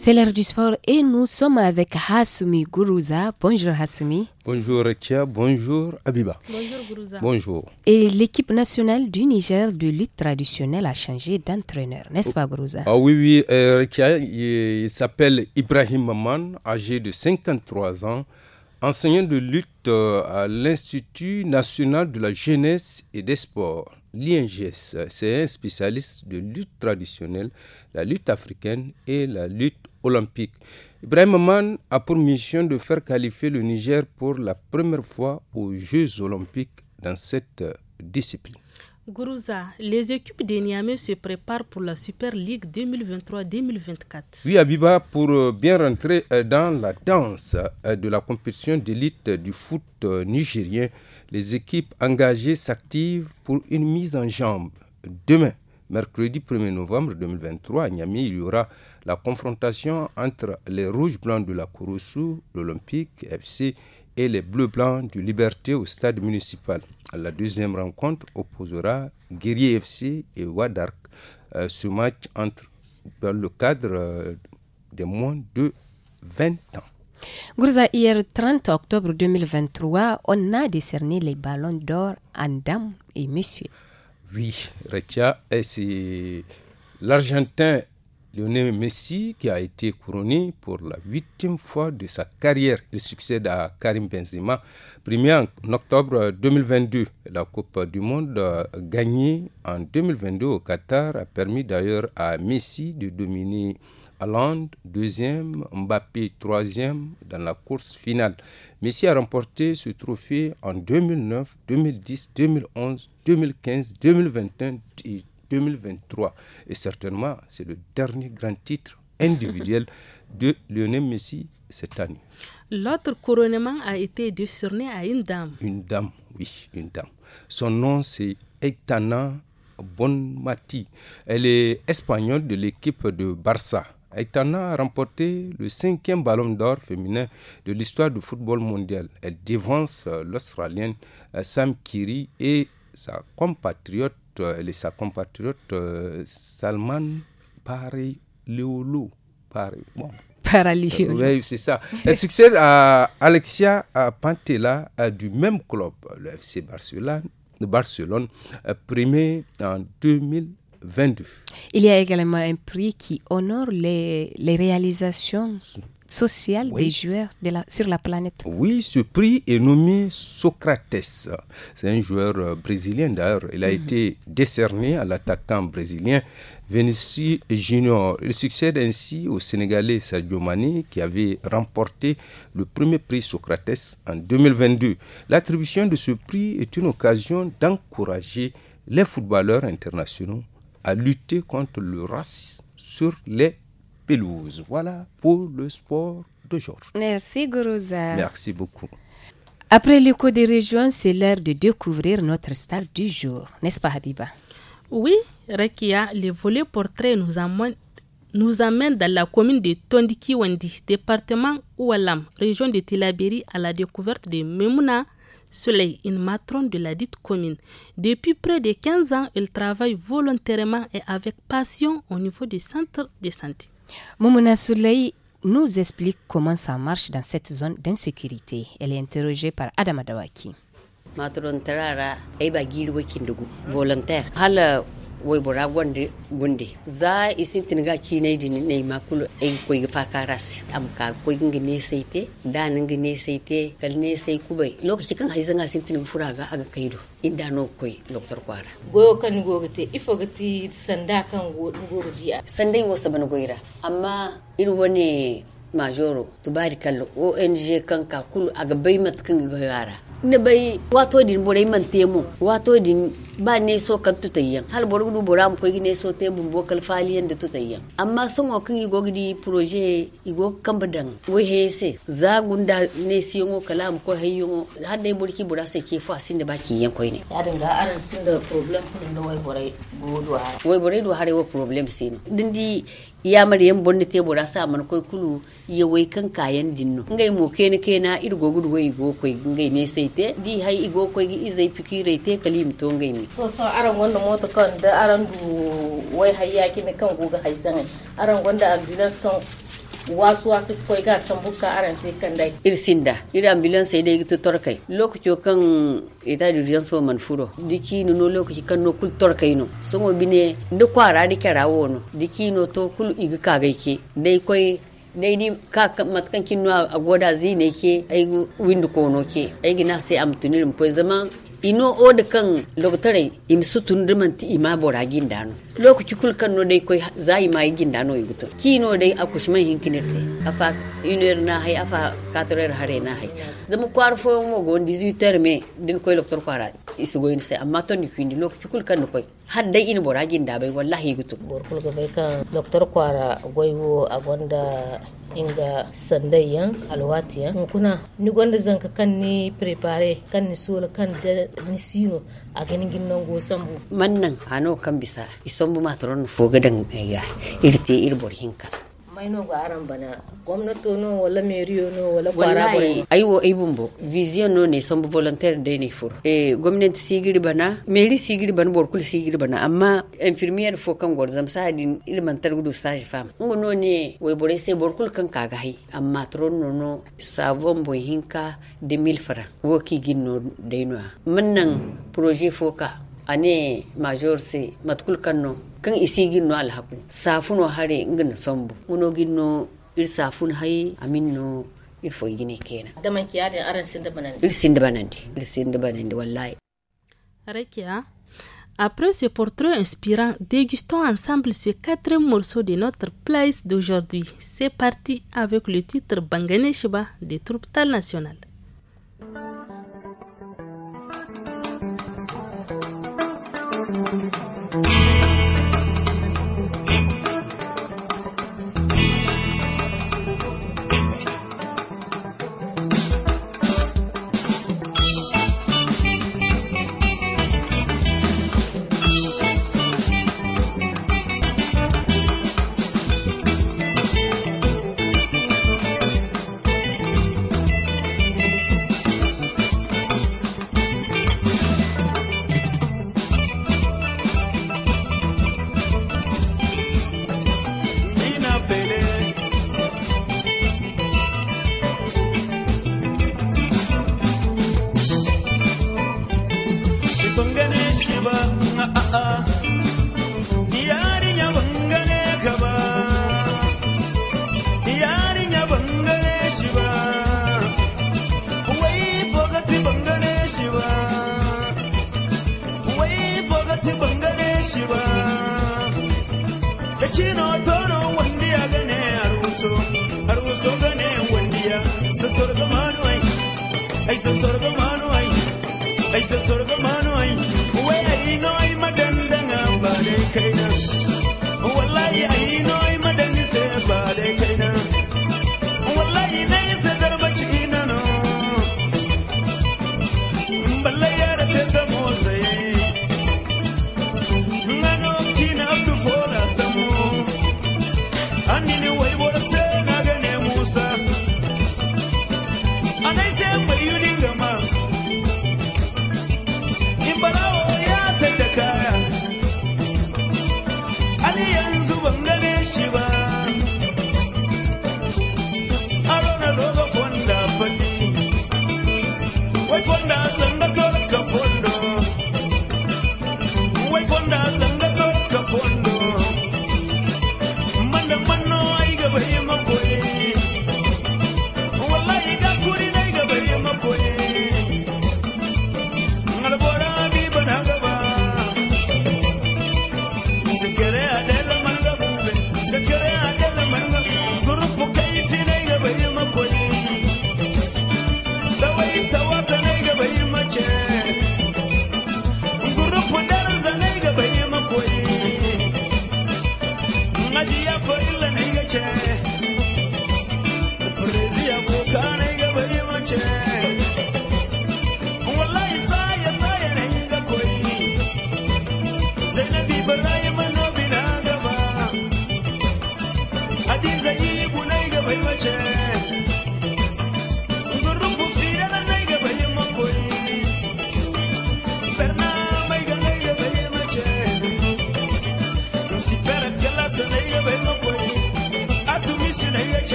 C'est l'heure du sport et nous sommes avec Hassoumi Gourouza. Bonjour Hassoumi. Bonjour Rekia, bonjour Abiba. Bonjour Gourouza. Bonjour. Et l'équipe nationale du Niger de lutte traditionnelle a changé d'entraîneur, n'est-ce pas Gourouza ah oui, oui, euh, Rekia, il, s'appelle Ibrahim Maman, âgé de 53 ans, enseignant de lutte euh, à l'Institut national de la jeunesse et des sports. L'INGS, c'est un spécialiste de lutte traditionnelle, la lutte africaine et la lutte olympique. Ibrahim Mann a pour mission de faire qualifier le Niger pour la première fois aux Jeux olympiques dans cette euh, discipline. Gourouza, les équipes de Niamey se préparent pour la Super League 2023-2024. Oui, Abiba, pour euh, bien rentrer euh, dans la danse de la compétition d'élite du foot nigérien, les équipes engagées s'activent pour une mise en jambe demain Mercredi 1er novembre 2023, à Niamey, il y aura la confrontation entre les Rouges Blancs de la Kouroussou, l'Olympique FC, et les Bleus Blancs du Liberté au stade municipal. La deuxième rencontre opposera Guerrier FC et Wadark. Euh, ce match entre dans le cadre euh, des moins de 20 ans. Gourza, hier 30 octobre 2023, on a décerné les ballons d'or en dames et messieurs. Oui, et c'est l'Argentin Lionel Messi qui a été couronné pour la huitième fois de sa carrière. Il succède à Karim Benzema, premier en octobre 2022. La Coupe du Monde euh, gagnée en 2022 au Qatar a permis d'ailleurs à Messi de dominer Hollande, deuxième, Mbappé, troisième dans la course finale. Messi a remporté ce trophée en 2009, 2010, 2011, 2015, 2021 et 2023. Et certainement, c'est le dernier grand titre individuel de Lionel Messi cette année. L'autre couronnement a été décerné à une dame. Une dame, oui, une dame. Son nom, c'est Eitana Bonmati. Elle est espagnole de l'équipe de Barça. Aitana a remporté le cinquième ballon d'or féminin de l'histoire du football mondial. Elle dévance euh, l'Australienne euh, Sam Kiri et sa compatriote, euh, elle sa compatriote Salman Paris Oui, c'est ça. Elle succède à Alexia Pantela du même club, le FC Barcelone, Barcelone primé en 2000. Il y a également un prix qui honore les, réalisations sociales des joueurs sur la planète. Oui, ce prix est nommé Socrates. C'est un joueur euh, brésilien d'ailleurs. Il a mhm. été décerné à l'attaquant brésilien Vinicius Junior. Il succède ainsi au Sénégalais Sadio Mané qui avait remporté le premier prix Socrates en 2022. L'attribution de ce prix est une occasion d'encourager les footballeurs internationaux lutter contre le racisme sur les pelouses. Voilà pour le sport de jour. Merci, Gorosa. Merci beaucoup. Après l'écho des régions, c'est l'heure de découvrir notre star du jour, n'est-ce pas, Habiba Oui, Rekia, le volet portrait nous amène, nous amène dans la commune de Tondikiwandi, département Oualam, région de Tilaberi, à la découverte de Memouna, Soleil, une matrone de la dite commune. Depuis près de 15 ans, elle travaille volontairement et avec passion au niveau du centre de santé. Moumouna Soleil nous explique comment ça marche dans cette zone d'insécurité. Elle est interrogée par Adam Adawaki. matron tarara volontaire Alors wai bora gwande gwande za isin tinga ki ne din ne ma kulu ai ko fa karas am ka ko ngi ne sai te da ngi ne sai te kal ne sai kubai lokaci kan haiza ga sin tinga fura ga aga kaido inda no koi doktor kwara goyo kan gogote ifo gati sanda kan gogo dia sandai wasa ban goira amma irin wani majoro tubarikalla ong kan ka kulu aga bai matkan ga yara ne bai wato din borai man temo wato din ba ne so kan tutayyan hal borgudu boram ko gine so te bokal kalfaliyan da tutayyan amma sun o kan igo gidi projet igo kambadan we se za gunda ne siyon kalam ko hayyo har dai burki bura sai ke fa sin da baki yan koy ne ya dinga an sin da problem kun da wai borai godwa wai borai do hare wa problem sin dindi ya mari yan bonne te sa man koy kulu ye way kan kayan dinno ngai mo ken kena ir go gudu way go koy ngai ne sai te di hay i go koy gi izai fikire te kalim to ngai ni to so aran wanda mota kan da aran du wai hayya kin kan goga ga haisan aran wanda ambulance kan wasu wasu kai ga san buka aran sai kan dai irsinda ira sai dai to torkai lokacin kan ita da riyan so man diki no lokaci kan no kul torkai no sun bine ni kwara da rawo no diki no to kul igi ka ke. dai koi dai ni ka matkan kinno a goda zine ke ai windu kono ke ai gina sai am tunirin mpo zaman ino o da kan logotare imsu tunduman ti ima bora gindano lokaci kul kan no dai koi yi ma yi gindano yi gutu ki no dai a te. A afa inuwar na hai afa katorar hare na hai zama kwar fo mo gon 18 me din koi lokutar kwara isugo sai amma ton ni kwindi lokaci kul kan no koi hadda in boragin da bai wallahi gutu borkul ga bai kan doktor kwara goiwo a gonda inga sandayyan yan kuna ni gonda zanka kan ni prepare kan ni sola kan da ni sino a ganin ginnan go sambu mannan ano kan bisa isombu matron fogadan eh, ya irte ir borhinka maino ga aran bana gwamnato no wala mairio no wala kwara bore ai wo ai bumbo vision no ne sambu volontaire de ne fur e gwamnati sigiri bana Meri sigiri bana bor kul sigiri bana amma infirmier fo kan gor zam sa din ilman targudu stage fam ngono ne wai bore sai bor kul kan kaga hai amma tron no no savon bo hinka de mil fara wo ki ginno de no mannan projet foka ane major se matkul kanno kan isi ginno alhaku safuno hare ngin sombu ngono ginno ir safun hay aminno ir foy gine kena daman kiya da aran sinda banandi ir sinda banandi ir sinda banandi wallahi rakiya Après ce portrait inspirant, dégustons ensemble ce quatrième morceau de notre place d'aujourd'hui. C'est parti avec le titre Bangane Shiba des troupes Tal nationales. thank you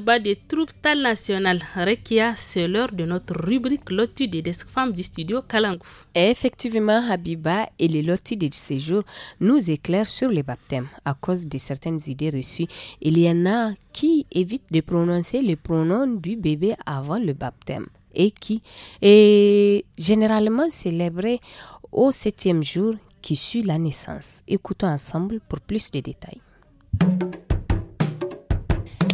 bas des troupes TAL nationales. Rekia, c'est l'heure de notre rubrique Lotus des Desk Femmes du studio Kalangouf. Effectivement, Habiba et les Lotus de ce nous éclairent sur les baptêmes. À cause de certaines idées reçues, il y en a qui évitent de prononcer le pronom du bébé avant le baptême et qui est généralement célébré au septième jour qui suit la naissance. Écoutons ensemble pour plus de détails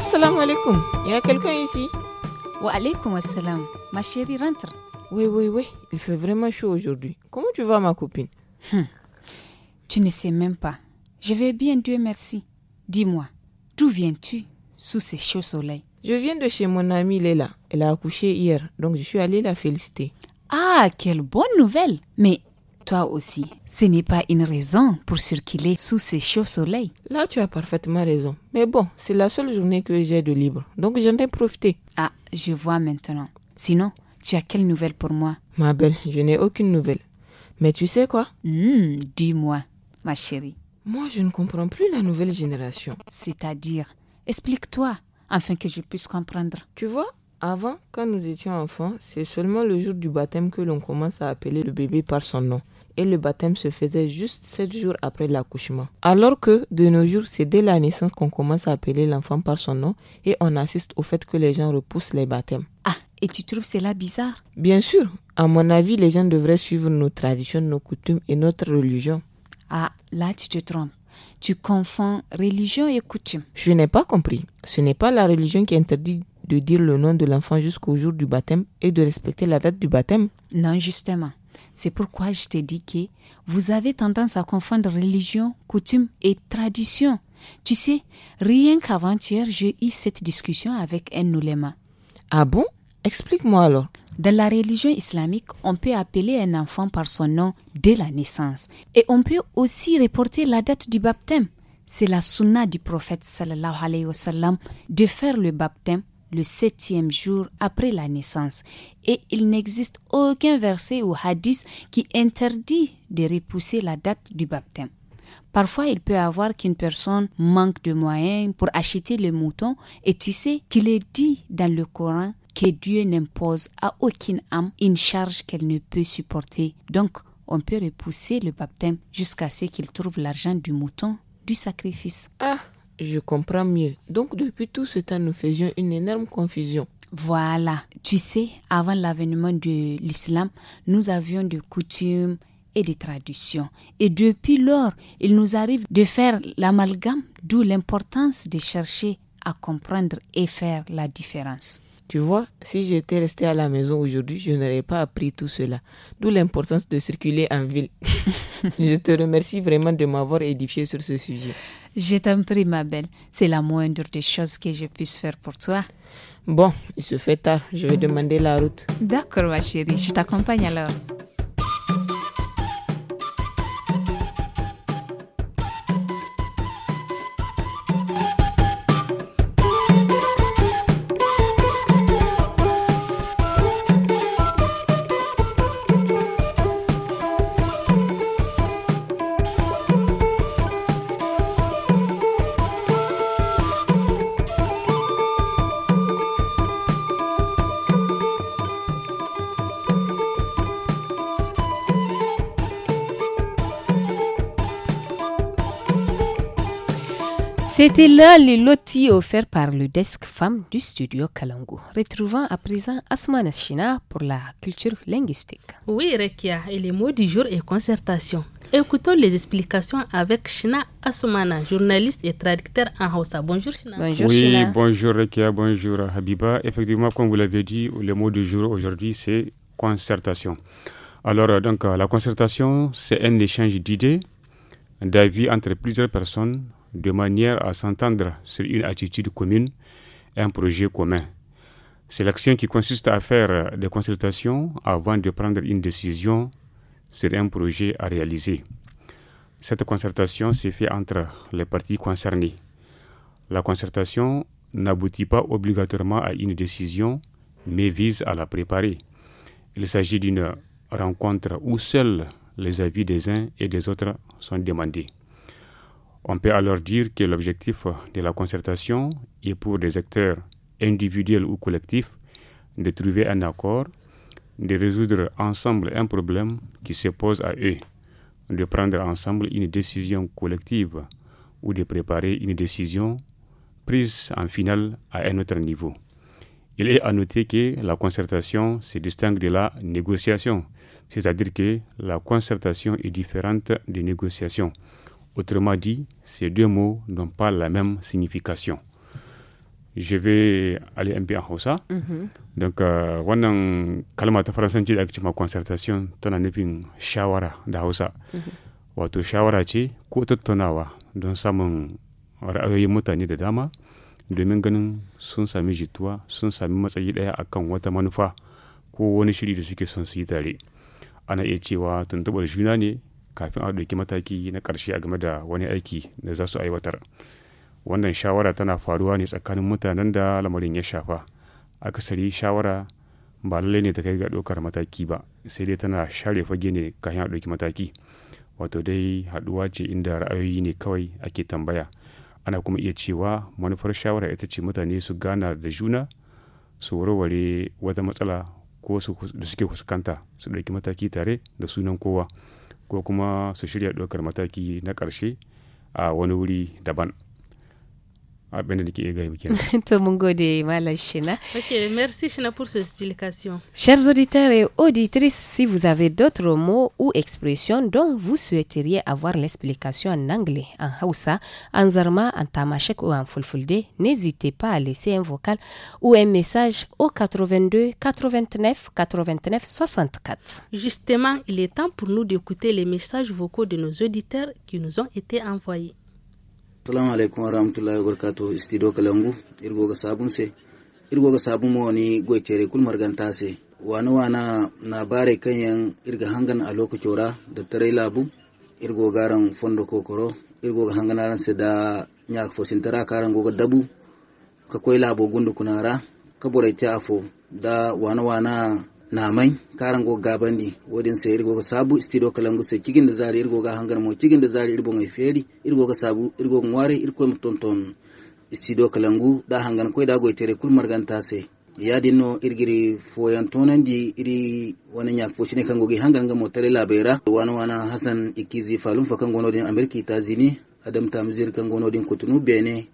Assalamu alaikum, il y a quelqu'un ici Wa alaikum assalam, ma chérie rentre. Oui, oui, oui, il fait vraiment chaud aujourd'hui. Comment tu vas ma copine hmm. Tu ne sais même pas. Je vais bien, Dieu merci. Dis-moi, d'où viens-tu sous ces chauds soleils Je viens de chez mon amie Léla. Elle a accouché hier, donc je suis allée la féliciter. Ah, quelle bonne nouvelle Mais toi aussi. Ce n'est pas une raison pour circuler sous ces chauds soleils. Là, tu as parfaitement raison. Mais bon, c'est la seule journée que j'ai de libre, donc j'en ai profité. Ah, je vois maintenant. Sinon, tu as quelle nouvelle pour moi Ma belle, je n'ai aucune nouvelle. Mais tu sais quoi hmm, Dis-moi, ma chérie. Moi, je ne comprends plus la nouvelle génération. C'est-à-dire, explique-toi, afin que je puisse comprendre. Tu vois, avant, quand nous étions enfants, c'est seulement le jour du baptême que l'on commence à appeler le bébé par son nom et le baptême se faisait juste sept jours après l'accouchement. Alors que de nos jours, c'est dès la naissance qu'on commence à appeler l'enfant par son nom et on assiste au fait que les gens repoussent les baptêmes. Ah, et tu trouves cela bizarre Bien sûr. À mon avis, les gens devraient suivre nos traditions, nos coutumes et notre religion. Ah, là tu te trompes. Tu confonds religion et coutume. Je n'ai pas compris. Ce n'est pas la religion qui interdit de dire le nom de l'enfant jusqu'au jour du baptême et de respecter la date du baptême. Non, justement. C'est pourquoi je t'ai dit que vous avez tendance à confondre religion, coutume et tradition. Tu sais, rien qu'avant-hier, j'ai eu cette discussion avec un Ah bon Explique-moi alors. Dans la religion islamique, on peut appeler un enfant par son nom dès la naissance. Et on peut aussi reporter la date du baptême. C'est la sunna du prophète sallallahu alayhi wa de faire le baptême le septième jour après la naissance. Et il n'existe aucun verset ou hadith qui interdit de repousser la date du baptême. Parfois, il peut avoir qu'une personne manque de moyens pour acheter le mouton et tu sais qu'il est dit dans le Coran que Dieu n'impose à aucune âme une charge qu'elle ne peut supporter. Donc, on peut repousser le baptême jusqu'à ce qu'il trouve l'argent du mouton du sacrifice. Ah je comprends mieux. Donc depuis tout ce temps, nous faisions une énorme confusion. Voilà. Tu sais, avant l'avènement de l'islam, nous avions des coutumes et des traditions. Et depuis lors, il nous arrive de faire l'amalgame, d'où l'importance de chercher à comprendre et faire la différence. Tu vois, si j'étais resté à la maison aujourd'hui, je n'aurais pas appris tout cela. D'où l'importance de circuler en ville. je te remercie vraiment de m'avoir édifié sur ce sujet. Je t'en prie, ma belle. C'est la moindre des choses que je puisse faire pour toi. Bon, il se fait tard. Je vais demander la route. D'accord, ma chérie. Je t'accompagne alors. C'était là le loti offert par le desk femme du studio Kalangu. retrouvant à présent Asmana Shina pour la culture linguistique. Oui, Rekia, et les mots du jour et concertation. Écoutons les explications avec Shina Asumana, journaliste et traducteur en Hausa. Bonjour Shina. Bonjour oui, bonjour Rekia, bonjour Habiba. Effectivement, comme vous l'avez dit, le mot du jour aujourd'hui, c'est concertation. Alors, euh, donc, euh, la concertation, c'est un échange d'idées, d'avis entre plusieurs personnes de manière à s'entendre sur une attitude commune et un projet commun. C'est l'action qui consiste à faire des consultations avant de prendre une décision sur un projet à réaliser. Cette concertation se fait entre les parties concernées. La concertation n'aboutit pas obligatoirement à une décision, mais vise à la préparer. Il s'agit d'une rencontre où seuls les avis des uns et des autres sont demandés. On peut alors dire que l'objectif de la concertation est pour des acteurs individuels ou collectifs de trouver un accord, de résoudre ensemble un problème qui se pose à eux, de prendre ensemble une décision collective ou de préparer une décision prise en finale à un autre niveau. Il est à noter que la concertation se distingue de la négociation, c'est-à-dire que la concertation est différente des négociations. Autrement dit, ces deux mots n'ont pas la même signification. Je vais aller un peu en de mhm. Donc, uh, wannan ta concertation tana de shawara da Hausa. On mhm. Wato shawara ce ko don samun ra'ayoyin de dama domin ganin sun sami jituwa sun sami matsayi daya akan wata manufa ko wani shiri suke son su Ana juna kafin a ɗauki mataki na ƙarshe a game da wani aiki da za su aiwatar wannan shawara tana faruwa ne tsakanin mutanen da lamarin ya shafa akasari shawara ba lallai ne ta kai ga ɗaukar mataki ba sai dai tana share fage ne kafin a ɗauki mataki wato dai haɗuwa ce inda ra'ayoyi ne kawai ake tambaya ana kuma iya cewa manufar shawara ita ce mutane su gana da juna su warware wata matsala ko da suke fuskanta su ɗauki mataki tare da sunan kowa ko kuma su shirya ɗaukar mataki na ƙarshe a wani wuri daban. merci pour cette explication. Chers auditeurs et auditrices, si vous avez d'autres mots ou expressions dont vous souhaiteriez avoir l'explication en anglais, en Hausa, en Zarma, en Tamashek ou en Fulfulde, n'hésitez pas à laisser un vocal ou un message au 82 89 89 64. Justement, il est temps pour nous d'écouter les messages vocaux de nos auditeurs qui nous ont été envoyés. assalamu rahmatullahi wa wabarakatuh studio kalangu ga sabun se ga sabun mo woni goytere kul marganta se wani wana na bare kanyan irga hangana a lokacin ra da tarai labu irgo garan fondo kokoro irgo ga ran se da nya fosin tara karan ga dabu ka koy labo gundu kunara ka borai afo da wana wana mai karan go gabandi wodin sai irgo ga sabu studio kalangu sai kigin da zari irgo ga hangar mo kigin da zari irgo mai feri irgo ga sabu irgo ware irko tonton studio kalangu da hangan ko da go tere kul marganta ya dinno irgiri foyan di iri wani ñak focine kangogi ga mo tare labera wano wana hasan ikizi falun fa din amerique ta zini adam tamzir din kutunu bene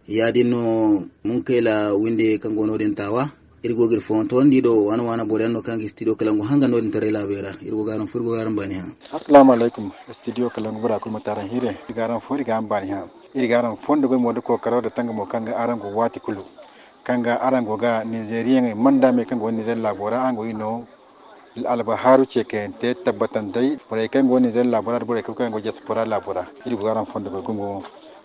kai la winde din tawa irgogir fonton fontondiɗo wana wana boɗe anno kanki studio kalangu hanga noɗin tara laɓera irgogaran fo irgogaran bani han assalamu aleykum studio kalangu bura kulma taran hire igaran fo irgan bani han irgaran fonde goye mode ko karawde tanga mo kanga arango wati kulu kanga arango ga nigérien me kanga woni niger labora ango ino haru cheke te tabatan dai boray kanga woni niger labora boray kanga diaspora labora irgogaran fonde goye gongo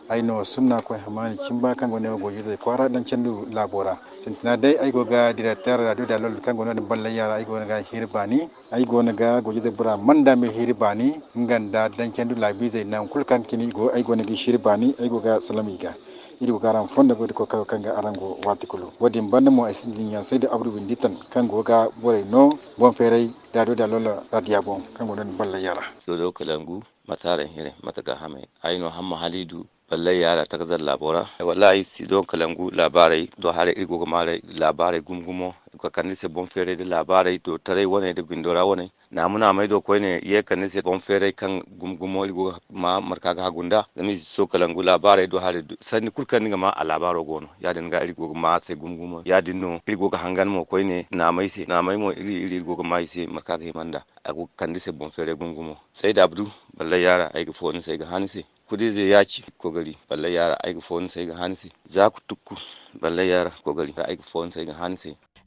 aino sunna ko hamani kimba kan gone go yide kwara dan cendu labora sintina dai ai go ga directeur radio da lol kan gone balla yara ai go ga hirbani ai go ga go yide bura manda me hirbani nganda dan cendu labi zai nan kulkan kini go ai go ga hirbani ai go ga salamiga iri ko garan fonda go ko kaka kanga arango watikulu wadin banda mo asin linya sai da abdu winditan kango ga bore no bon ferey dado da lola radiya bon kango don balla yara so do kalangu mataren hire mataga hame aino hamma halidu balle yara ta kazar labora wallahi si don kalangu labarai do hare irgo mare labarai gumgumo ko kanise bon fere de labarai to tare wone de bindora wone na muna mai do ko ne ye kanise bon fere kan gumgumo irgo ma marka ga gunda zami so kalangu labarai do hare sani kurkan ga ma a labaro gono ya din ga irgo ma sai gumgumo ya din dinno irgo hangan mo ko ne na mai se na mai mo iri iri irgo ma se marka ga manda ko kanise bon fere gumgumo sai da abdu balle yara ai ga fo ni sai ga hanise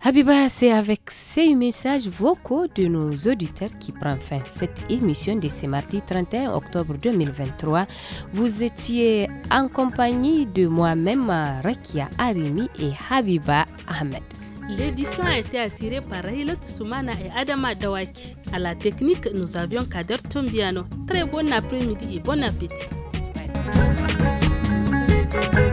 Habiba, c'est avec ces messages vocaux de nos auditeurs qui prend fin cette émission de ce mardi 31 octobre 2023. Vous étiez en compagnie de moi-même, Rekia Arimi et Habiba Ahmed. L'édition a été assurée par Rahilat Soumana et Adama Dawaki. À la technique, nous avions Kader Tombiano. Très bon après-midi et bon appétit. Thank